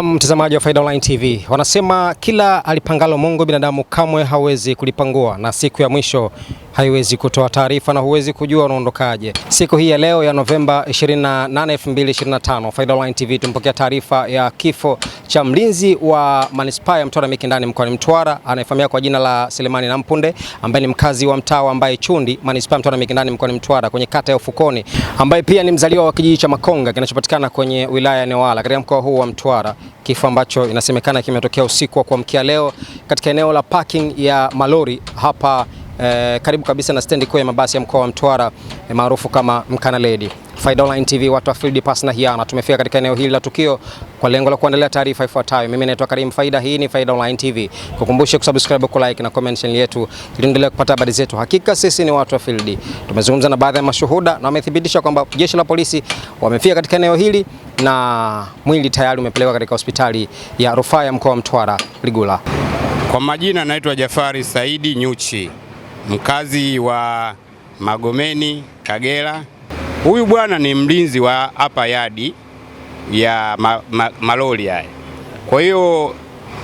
Na mtazamaji wa Faida Online TV, wanasema kila alipangalo Mungu binadamu kamwe hawezi kulipangua, na siku ya mwisho haiwezi kutoa taarifa na huwezi kujua unaondokaje. Siku hii ya leo ya Novemba 28, 2025, Faida Online TV tumepokea taarifa ya kifo cha mlinzi wa manispaa ya Mtwara Mikindani mkoani Mtwara anayefahamika kwa jina la Selemani Nampunde ambaye ni mkazi wa mtaa wa Mbae Chundi manispaa ya Mtwara Mikindani mkoani Mtwara kwenye kata ya Ufukoni ambaye pia ni mzaliwa wa kijiji cha Makonga kinachopatikana kwenye wilaya ya Newala katika mkoa huu wa Mtwara, kifo ambacho inasemekana kimetokea usiku wa kuamkia leo katika eneo la parking ya malori hapa eh, karibu kabisa na stendi kuu ya mabasi ya mkoa wa Mtwara eh, maarufu kama Mkana Lady. Faida Online TV, watu wa Field Pass na hiana, tumefika katika eneo hili la tukio kwa lengo la kuendelea taarifa ifuatayo. Mimi naitwa Karim Faida, hii ni Faida Online TV. Kukumbusha kusubscribe, ku like na comment channel yetu ili endelee kupata habari zetu. Hakika sisi ni watu wa field. Tumezungumza na baadhi ya mashuhuda na wamethibitisha kwamba jeshi la polisi wamefika katika eneo hili na mwili tayari umepelekwa katika hospitali ya rufaa ya mkoa wa Mtwara Ligula. Kwa majina naitwa Jafari Saidi Nyuchi mkazi wa Magomeni, Kagera. Huyu bwana ni mlinzi wa hapa yadi ya ma, ma, malori haya. Kwa hiyo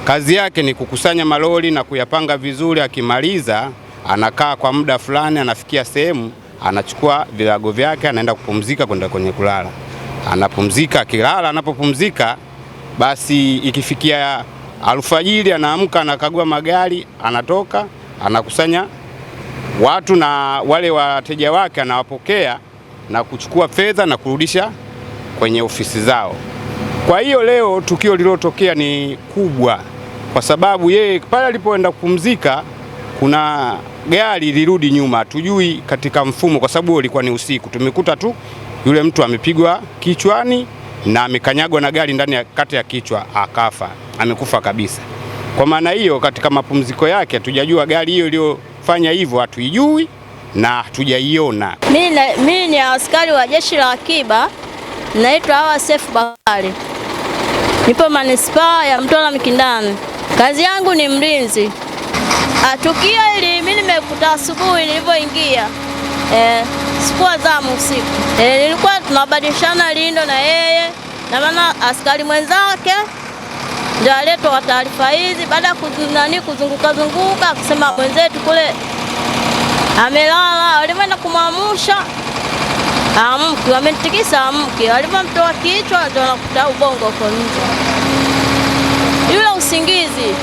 kazi yake ni kukusanya malori na kuyapanga vizuri. Akimaliza anakaa kwa muda fulani, anafikia sehemu, anachukua virago vyake, anaenda kupumzika, kwenda kwenye kulala, anapumzika. Akilala, anapopumzika basi ikifikia alfajiri, anaamka, anakagua magari, anatoka, anakusanya watu na wale wateja wake anawapokea na kuchukua fedha na kurudisha kwenye ofisi zao. Kwa hiyo leo tukio lililotokea ni kubwa, kwa sababu yeye pale alipoenda kupumzika kuna gari lirudi nyuma, tujui katika mfumo, kwa sababu ulikuwa ni usiku. Tumekuta tu yule mtu amepigwa kichwani na amekanyagwa na gari ndani ya kati ya kichwa, akafa, amekufa kabisa. Kwa maana hiyo, katika mapumziko yake tujajua gari hiyo iliyo kufanya hivyo hatuijui na hatujaiona. Mimi ni askari wa jeshi la akiba, naitwa Hawa Sefu Bakari, nipo manispaa ya Mtwara Mikindani. Kazi yangu ni mlinzi. Ah, tukio hili mimi nimekuta asubuhi nilivyoingia, eh, sikuwa zamu usiku, eh, nilikuwa tunabadilishana lindo na yeye na maana askari mwenzake ndio aletwa taarifa hizi baada ya kuzinani kuzunguka zunguka, akisema mwenzetu kule amelala. Walienda kumwamusha amki, wamemtikisa amki, walivyomtoa kichwa ndio nakuta ubongo uko nje, yule usingizi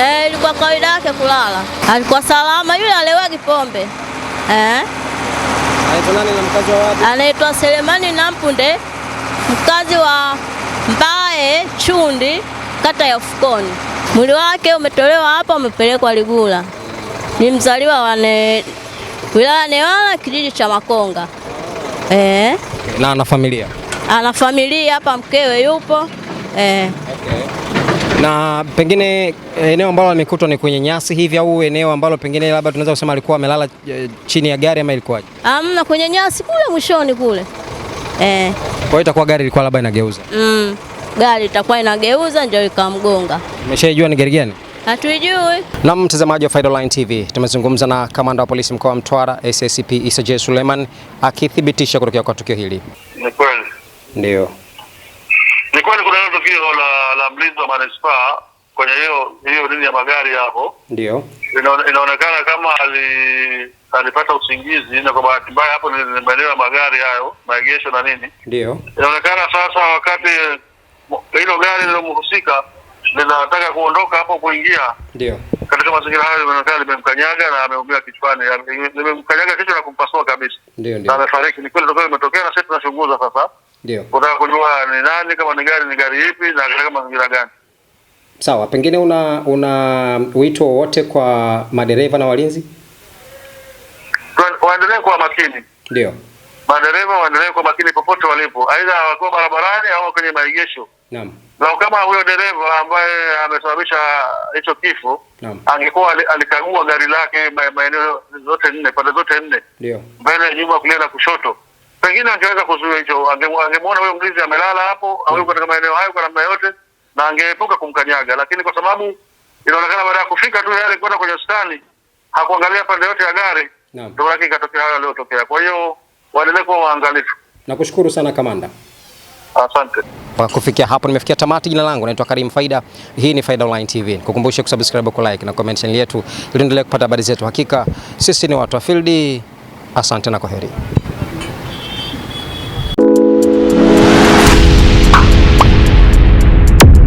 Eh, ilikuwa kawaida yake kulala. Alikuwa salama yule, alewagi pombe eh? Anaitwa Selemani Nampunde mkazi wa Mbae Chundi, kata ya Ufukoni. Mwili wake umetolewa hapa, umepelekwa Ligula. Ni mzaliwa wa wilaya Newala, kijiji cha Makonga. Eh, Na ana familia, ana familia hapa, mkewe yupo eh. Okay. Na pengine eneo ambalo amekutwa ni kwenye nyasi hivi au eneo ambalo pengine labda tunaweza kusema alikuwa amelala eh, chini ya gari ama ilikuwaje? Amna, kwenye nyasi kule mwishoni kule eh. Kwa hiyo itakuwa gari ilikuwa labda inageuza. Mm, gari itakuwa inageuza ndio ikamgonga. Umeshajua ni gari gani? Hatuijui. Na mtazamaji wa Faida Online TV, tumezungumza na kamanda wa polisi mkoa wa Mtwara SACP Isa J Suleiman akithibitisha kutokea kwa tukio hili. Ni kweli. Ndio. Ni kweli kuna tukio la la mlinzi wa manispaa kwenye hiyo hiyo nini ya magari hapo, ndio inaonekana kama ali alipata usingizi na kwa bahati mbaya hapo ni maeneo ya magari hayo maegesho na nini, ndio inaonekana sasa, wakati hilo gari lilomhusika linataka kuondoka hapo kuingia, ndio katika mazingira hayo inaonekana limemkanyaga na ameumia kichwani, limemkanyaga kichwa na kumpasua kabisa, ndio ndio amefariki. Ni kweli tokeo limetokea, na sisi tunachunguza sasa, ndio kutaka kujua ni nani, kama ni gari ni gari ipi na katika mazingira gani. Sawa, pengine una una wito wowote kwa madereva na walinzi? Waendelee kuwa makini, ndio madereva waendelee kuwa makini popote walipo, aidha wakiwa barabarani au kwenye maegesho. Naam. Na kama huyo dereva ambaye amesababisha hicho kifo angekuwa alikagua gari lake maeneo zote nne, pande zote nne, ndio mbele, nyuma, kulia na kushoto, pengine angeweza kuzuia hicho. Angemwona huyo mlinzi amelala hapo au yuko katika maeneo hayo kwa namna yote na angeepuka kumkanyaga, lakini kwa sababu inaonekana baada ya kufika tu yale kwenda kwenye stani hakuangalia pande yote ya gari, ndio yake ikatokea hayo aliyotokea. Kwa hiyo waendelee kuwa waangalifu. Nakushukuru sana kamanda. Asante. Kwa kufikia hapo nimefikia tamati. Jina langu naitwa Karim Faida. Hii ni Faida Online TV. Nikukumbushe kusubscribe, ku like na comment yetu ili endelee kupata habari zetu. Hakika sisi ni watu wa field. Asante na kwaheri.